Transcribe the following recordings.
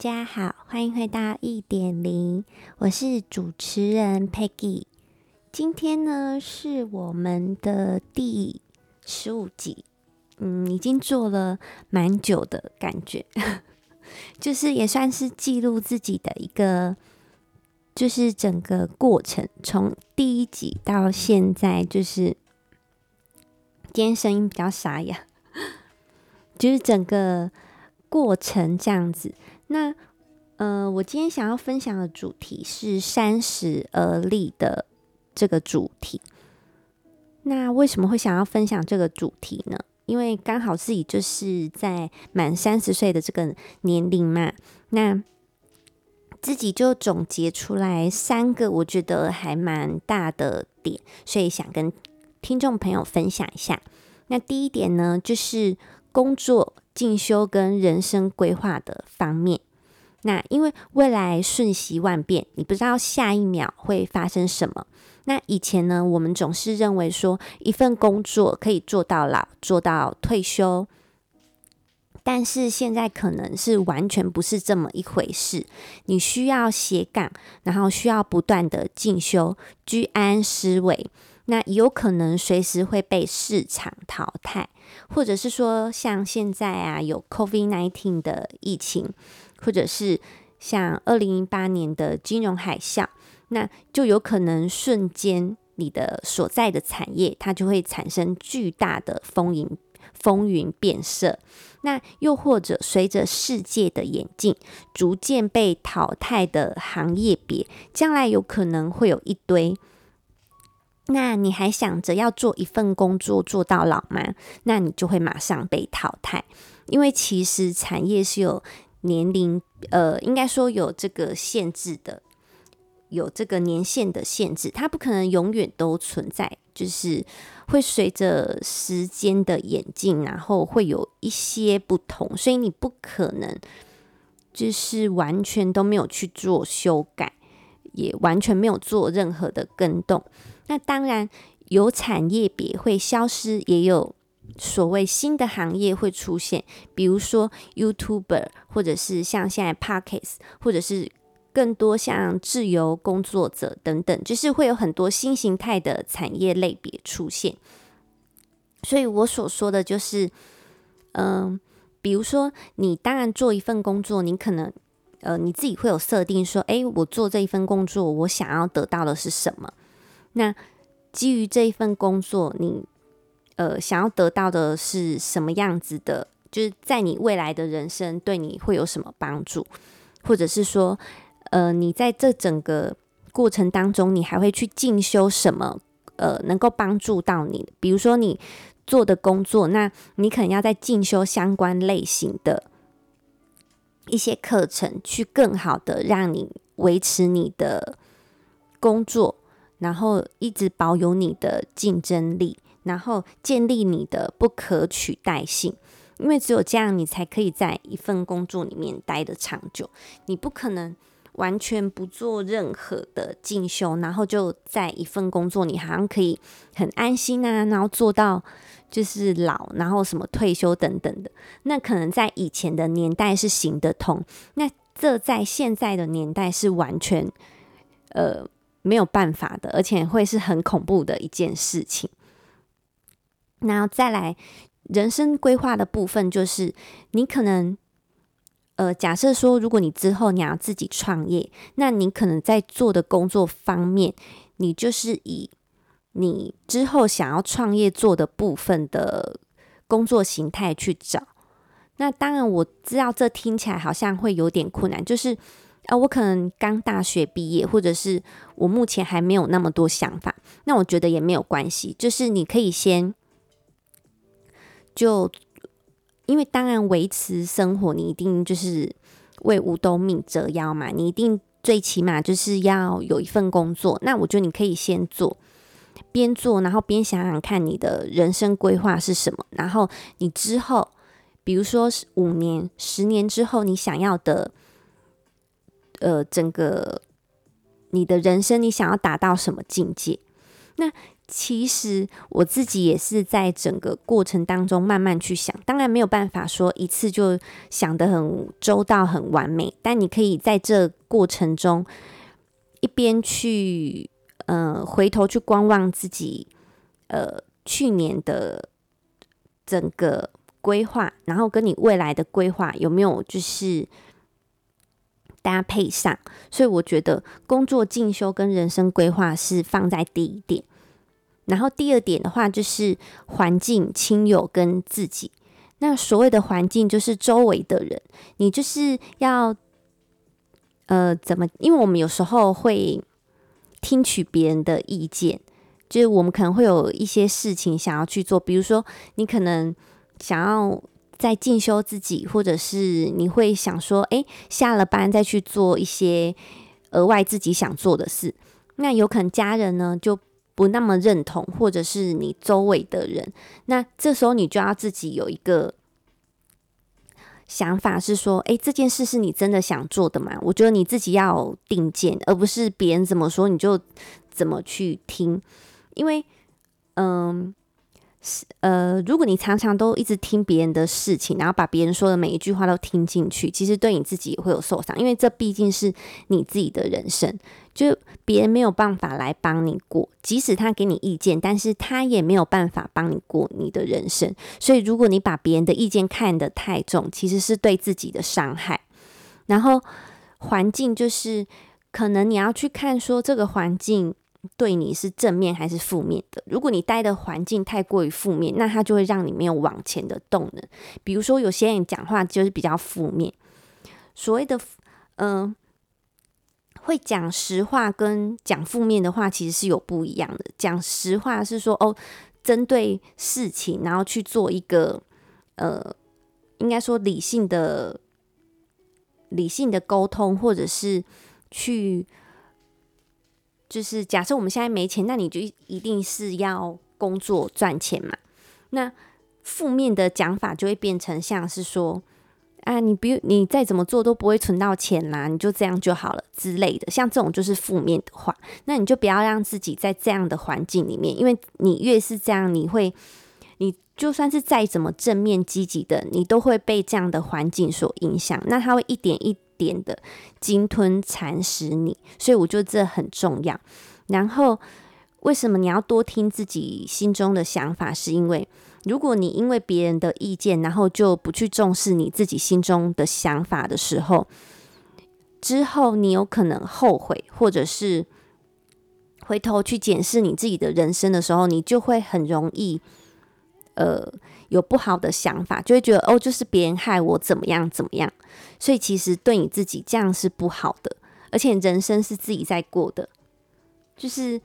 大家好，歡迎回到一點零，我是主持人 Peggy。今天呢是我們的第十五集，嗯，已經做了蠻久的感覺，就是也算是記錄自己的一個，就是整個過程，從第一集到現在，就是今天聲音比較沙啞，就是整個過程這樣子。那，呃，我今天想要分享的主題是三十而立的這個主題。那為什麼會想要分享這個主題呢？因為剛好自己就是在滿三十歲的這個年齡嘛，那自己就總結出來三個我覺得還蠻大的點，所以想跟聽眾朋友分享一下。那第一點呢，就是工作。進修跟人生規劃的方面，那因為未來瞬息萬變，你不知道下一秒會發生什麼。那以前呢，我們總是認為說一份工作可以做到老，做到退休。但是現在可能是完全不是這麼一回事。你需要斜槓，然後需要不斷的進修，居安思危。那有可能隨時會被市場淘汰，或者是說像現在啊，有 COVID-19 的疫情，或者是像二零一八年的金融海嘯，那就有可能瞬間你的所在的產業它就會產生巨大的風雲風雲變色。那又或者隨着世界的演進，逐漸被淘汰的行業別，將來有可能會有一堆。那你還想着要做一份工作做到老嗎？那你就會馬上被淘汰，因為其實產業是有年齡，呃，應該說有這個限制的，有這個年限的限制，它不可能永遠都存在，就是會隨着時間的演進，然後會有一些不同，所以你不可能就是完全都沒有去做修改，也完全沒有做任何的更動。那當然，有產業別會消失，也有所謂新的行業會出現，比如說 YouTuber，或者是像現在 Podcast，或者是更多像自由工作者等等，就是會有很多新形態的產業類別出現。所以我所說的就是，嗯、呃，比如說你當然做一份工作，你可能呃你自己會有設定說，哎，我做這一份工作，我想要得到的是什麼？那基於這一份工作，你呃想要得到的是什麼樣子的？就是在你未來的人生對你會有什麼幫助，或者是說，呃，你在這整個過程當中，你還會去進修什麼？呃，能夠幫助到你，比如說你做的工作，那你可能要再進修相關類型的一些課程，去更好的讓你維持你的工作。然後一直保有你的競爭力，然後建立你的不可取代性，因為只有這樣，你才可以在一份工作裡面待得長久。你不可能完全不做任何的進修，然後就在一份工作，你好像可以很安心啊，然後做到就是老，然後什麼退休等等的。那可能在以前的年代是行得通，那這在現在的年代是完全，呃。沒有辦法的，而且會是很恐怖的一件事情。然後再來人生規劃的部分，就是你可能，呃，假設說，如果你之後你要自己創業，那你可能在做的工作方面，你就是以你之後想要創業做的部分的工作形態去找。那當然，我知道這聽起來好像會有點困難，就是。啊、呃，我可能剛大學畢業，或者是我目前還沒有那麼多想法，那我覺得也沒有關係，就是你可以先就，因為當然維持生活，你一定就是為五斗米折腰嘛，你一定最起碼就是要有一份工作，那我覺得你可以先做，邊做，然後邊想想看你的人生規劃是什麼，然後你之後，比如說五年、十年之後你想要的。呃，整個你的人生，你想要達到什麼境界？那其實我自己也是在整個過程當中慢慢去想。當然沒有辦法說一次就想得很周到，很完美，但你可以在這過程中一邊去，呃，回頭去觀望自己，呃，去年的整個規劃，然後跟你未來的規劃有沒有就是。搭配上，所以我覺得工作進修跟人生規劃是放在第一點，然後第二點的話就是環境、親友跟自己。那所謂的環境就是周圍的人，你就是要呃怎麼？因為我們有時候會聽取別人的意見，就是我們可能會有一些事情想要去做，比如說你可能想要。在進修自己，或者是你會想說，哎，下了班再去做一些額外自己想做的事，那有可能家人呢就不那麼認同，或者是你周圍的人，那這時候你就要自己有一個想法，是說，哎，這件事是你真的想做的嗎？我覺得你自己要定見，而不是別人怎麼說你就怎麼去聽，因為，嗯。呃，如果你常常都一直聽別人的事情，然後把別人說的每一句話都聽進去，其實對你自己也會有受傷，因為這畢竟是你自己的人生，就別人沒有辦法來幫你過，即使他給你意見，但是他也沒有辦法幫你過你的人生。所以如果你把別人的意見看得太重，其實是對自己的傷害。然後環境就是，可能你要去看說這個環境對你是正面還是負面的？如果你待的環境太過於負面，那它就會讓你沒有往前的動能。比如說，有些人講話就是比較負面。所謂的，嗯、呃，會講實話跟講負面的話其實是有不一樣的。講實話是說哦，針對事情，然後去做一個呃，應該說理性的、理性的溝通，或者是去。就是假設我們現在沒錢，那你就一定是要工作賺錢嘛。那負面的講法就會變成像是說，啊，你比如你再怎麼做都不會存到錢啦，你就這樣就好了之類的。像這種就是負面的話，那你就不要讓自己在這樣的環境裡面，因為你越是這樣，你會，你就算是再怎麼正面積極的，你都會被這樣的環境所影響。那它會一點一。點的鯨吞蠶食你，所以我覺得這很重要。然後，為什麼你要多聽自己心中的想法？是因為如果你因為別人的意見，然後就不去重視你自己心中的想法的時候，之後你有可能後悔，或者是回頭去檢視你自己的人生的時候，你就會很容易。呃，有不好的想法，就會覺得哦，就是別人害我怎麼樣怎麼樣，所以其實對你自己這樣是不好的，而且人生是自己在過的，就是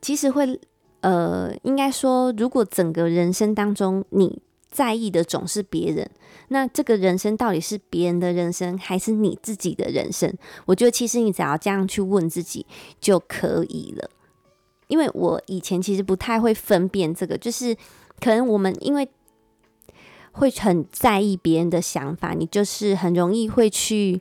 其實會呃，應該說，如果整個人生當中你在意的總是別人，那這個人生到底是別人的人生還是你自己的人生？我覺得其實你只要這樣去問自己就可以了。因為我以前其實不太會分辨這個，就是可能我們因為會很在意別人的想法，你就是很容易會去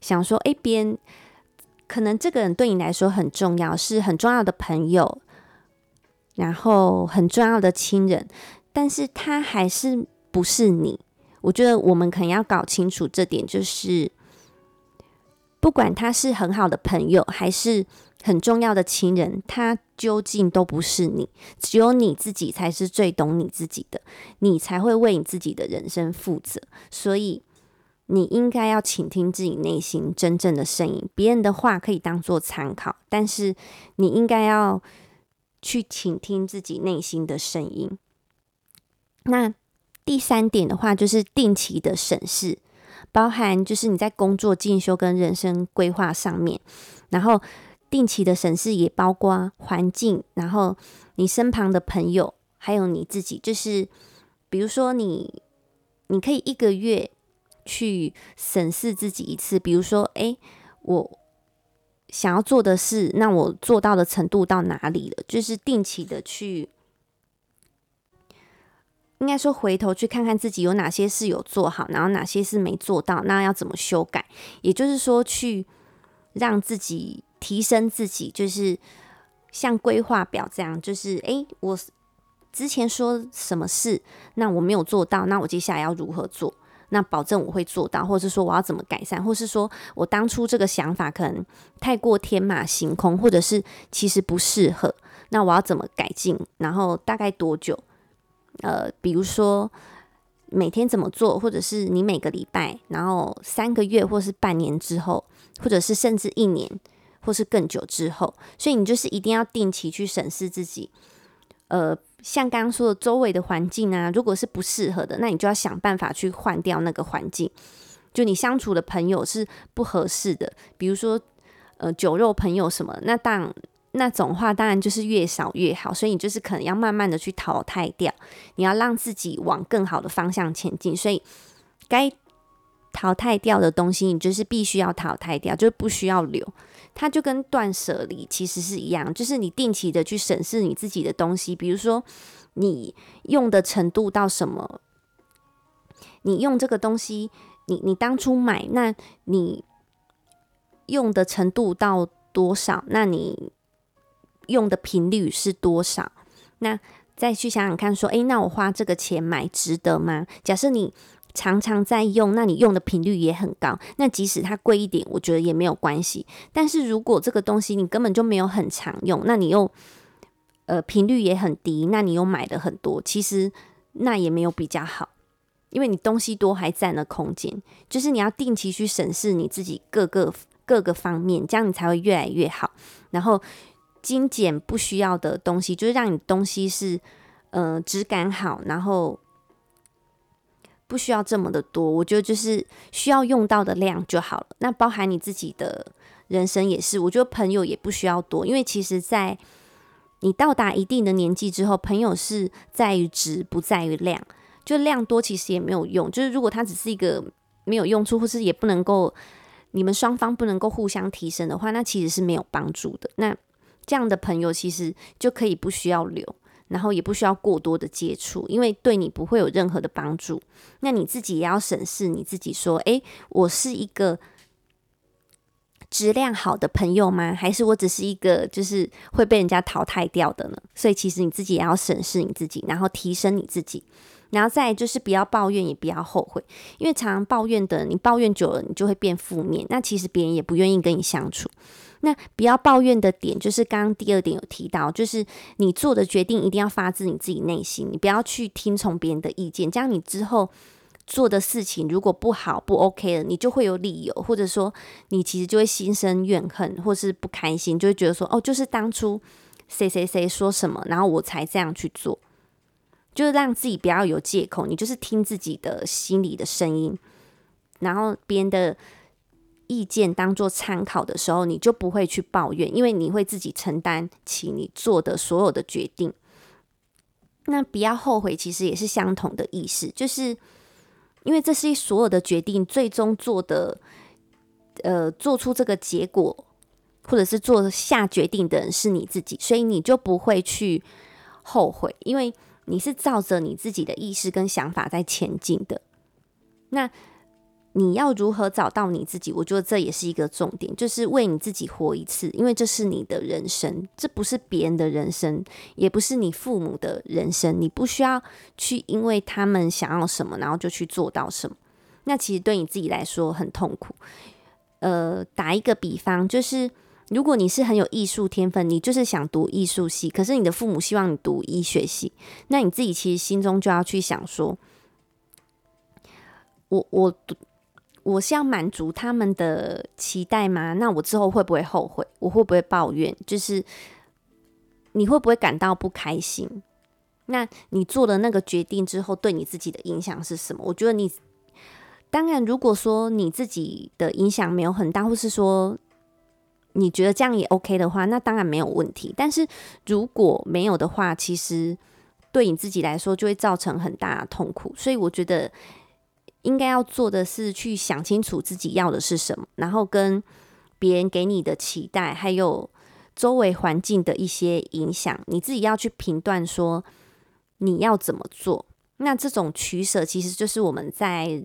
想說，哎，別人可能這個人對你來說很重要，是很重要的朋友，然後很重要的親人，但是他還是不是你？我覺得我們可能要搞清楚這點，就是不管他是很好的朋友，還是。很重要的親人，他究竟都不是你，只有你自己才是最懂你自己的，你才會為你自己的人生負責。所以你應該要傾聽自己內心真正的聲音，別人的話可以當做參考，但是你應該要去傾聽自己內心的聲音。那第三點的話，就是定期的審視，包含就是你在工作進修跟人生規劃上面，然後。定期的審視也包括環境，然後你身旁的朋友，還有你自己。就是比如說你，你你可以一個月去審視自己一次。比如說，哎、欸，我想要做的事，那我做到的程度到哪裡了？就是定期的去，應該說回頭去看看自己有哪些事有做好，然後哪些事沒做到，那要怎麼修改？也就是說，去讓自己。提升自己，就是像規劃表這樣，就是哎，我之前說什麼事，那我沒有做到，那我接下來要如何做？那保證我會做到，或者是說我要怎麼改善？或是說我當初這個想法可能太過天馬行空，或者是其實不適合，那我要怎麼改進？然後大概多久？呃，比如說每天怎麼做，或者是你每個禮拜，然後三個月，或是半年之後，或者是甚至一年。或是更久之後，所以你就是一定要定期去審視自己。呃，像剛剛說的，周圍的環境啊，如果是不適合的，那你就要想辦法去換掉那個環境。就你相處的朋友是不合適的，比如說呃酒肉朋友什麼，那當那種話當然就是越少越好，所以你就是可能要慢慢的去淘汰掉。你要讓自己往更好的方向前進，所以該淘汰掉的東西，你就是必須要淘汰掉，就是不需要留。它就跟斷捨離其實是一樣，就是你定期的去審視你自己的東西，比如說你用的程度到什麼，你用這個東西，你你當初買，那你用的程度到多少？那你用的頻率是多少？那再去想想看，說，誒，那我花這個錢買值得嗎？假設你。常常在用，那你用的頻率也很高，那即使它貴一點，我覺得也沒有關係。但是如果這個東西你根本就沒有很常用，那你又呃頻率也很低，那你又買的很多，其實那也沒有比較好，因為你東西多還佔了空間，就是你要定期去審視你自己各個各個方面，這樣你才會越來越好。然後精簡不需要的東西，就是讓你東西是呃質感好，然後。不需要這麼的多，我覺得就是需要用到的量就好了。那包含你自己的人生也是，我覺得朋友也不需要多，因為其實，在你到達一定的年紀之後，朋友是在於質，不在於量，就量多其實也沒有用。就是如果他只是一個沒有用處，或是也不能夠你們雙方不能夠互相提升的話，那其實是沒有幫助的。那這樣的朋友其實就可以不需要留。然後也不需要過多的接觸，因為對你不會有任何的幫助。那你自己也要審視你自己，說：誒，我是一個質量好的朋友嗎？還是我只是一個就是會被人家淘汰掉的呢？所以其實你自己也要審視你自己，然後提升你自己。然後再來就是不要抱怨，也不要後悔，因為常常抱怨的人，你抱怨久了，你就會變負面。那其實別人也不願意跟你相處。那不要抱怨的點，就是剛剛第二點有提到，就是你做的決定一定要發自你自己內心，你不要去聽從別人的意見，這樣你之後做的事情如果不好不 OK 了，你就會有理由，或者說你其實就會心生怨恨，或是不開心，就會覺得說哦，就是當初誰誰誰說什麼，然後我才這樣去做，就是讓自己不要有借口，你就是聽自己的心裡的聲音，然後別人的。意見當做參考的時候，你就不會去抱怨，因為你會自己承擔起你做的所有的決定。那不要後悔，其實也是相同的意思，就是因為這是一所有的決定最終做的，呃，做出這個結果，或者是做下決定的人是你自己，所以你就不會去後悔，因為你是照着你自己的意識跟想法在前進的。那。你要如何找到你自己？我覺得這也是一個重點，就是為你自己活一次，因為這是你的人生，這不是別人的人生，也不是你父母的人生。你不需要去因為他們想要什麼，然後就去做到什麼。那其實對你自己來說很痛苦。呃，打一個比方，就是如果你是很有藝術天分，你就是想讀藝術系，可是你的父母希望你讀醫學系，那你自己其實心中就要去想說，我我讀。我是要滿足他們的期待嗎？那我之後會不會後悔？我會不會抱怨？就是你會不會感到不開心？那你做了那個決定之後，對你自己的影響是什麼？我覺得你當然，如果說你自己的影響沒有很大，或是說你覺得這樣也 OK 的話，那當然沒有問題。但是如果沒有的話，其實對你自己來說就會造成很大的痛苦。所以我覺得。應該要做的是去想清楚自己要的是什麼，然後跟別人給你的期待，還有周圍環境的一些影響，你自己要去評斷說你要怎麼做。那這種取捨其實就是我們在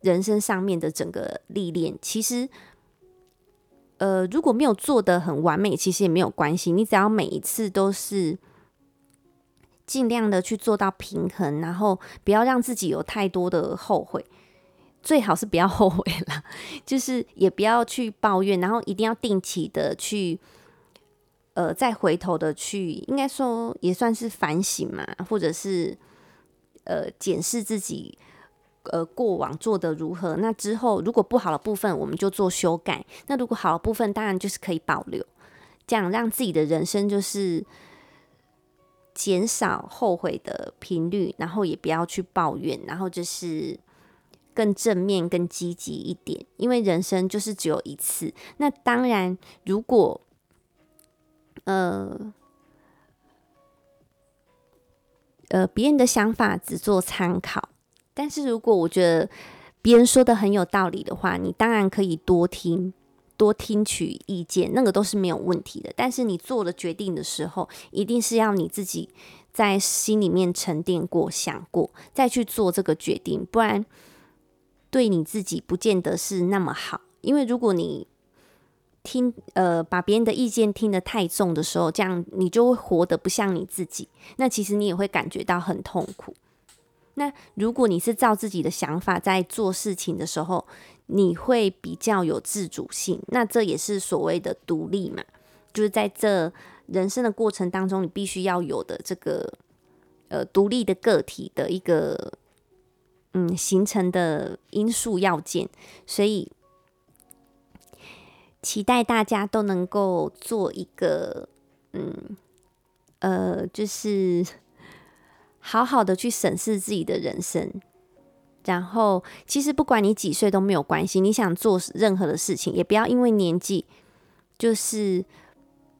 人生上面的整個歷練。其實，呃，如果沒有做得很完美，其實也沒有關係。你只要每一次都是。盡量的去做到平衡，然後不要讓自己有太多的後悔，最好是不要後悔了，就是也不要去抱怨，然後一定要定期的去，呃，再回頭的去，應該說也算是反省嘛，或者是呃檢視自己，呃過往做得如何。那之後如果不好的部分，我們就做修改；那如果好的部分，當然就是可以保留。這樣讓自己的人生就是。減少後悔的頻率，然後也不要去抱怨，然後就是更正面、更積極一點。因為人生就是只有一次。那當然，如果呃呃別人的想法只做參考，但是如果我覺得別人說的很有道理的話，你當然可以多聽。多聽取意見，那個都是沒有問題的。但是你做了決定的時候，一定是要你自己在心裡面沉澱過、想過，再去做這個決定，不然對你自己不見得是那麼好。因為如果你聽呃，把別人的意見聽得太重的時候，這樣你就會活得不像你自己，那其實你也會感覺到很痛苦。那如果你是照自己的想法在做事情的時候，你會比較有自主性，那這也是所謂的獨立嘛，就是在這人生的過程當中，你必須要有的這個呃獨立的個體的一個嗯形成的因素要件，所以期待大家都能夠做一個嗯呃，就是好好的去審視自己的人生。然後，其實不管你幾歲都沒有關係。你想做任何的事情，也不要因為年紀就是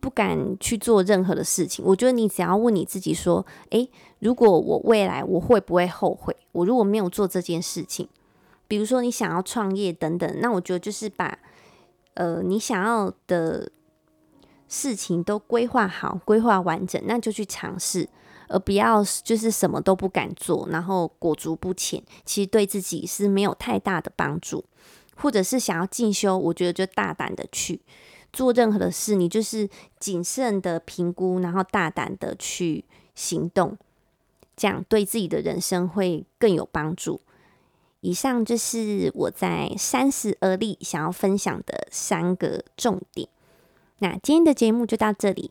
不敢去做任何的事情。我覺得你只要問你自己說：“誒，如果我未來我會不會後悔？我如果沒有做這件事情，比如說你想要創業等等，那我覺得就是把呃你想要的事情都規劃好、規劃完整，那就去嘗試。”而不要就是什麼都不敢做，然後裹足不前，其實對自己是沒有太大的幫助。或者是想要進修，我覺得就大膽的去做任何的事，你就是謹慎的評估，然後大膽的去行動，這樣對自己的人生會更有幫助。以上就是我在三十而立想要分享的三個重點。那今天的節目就到這裡。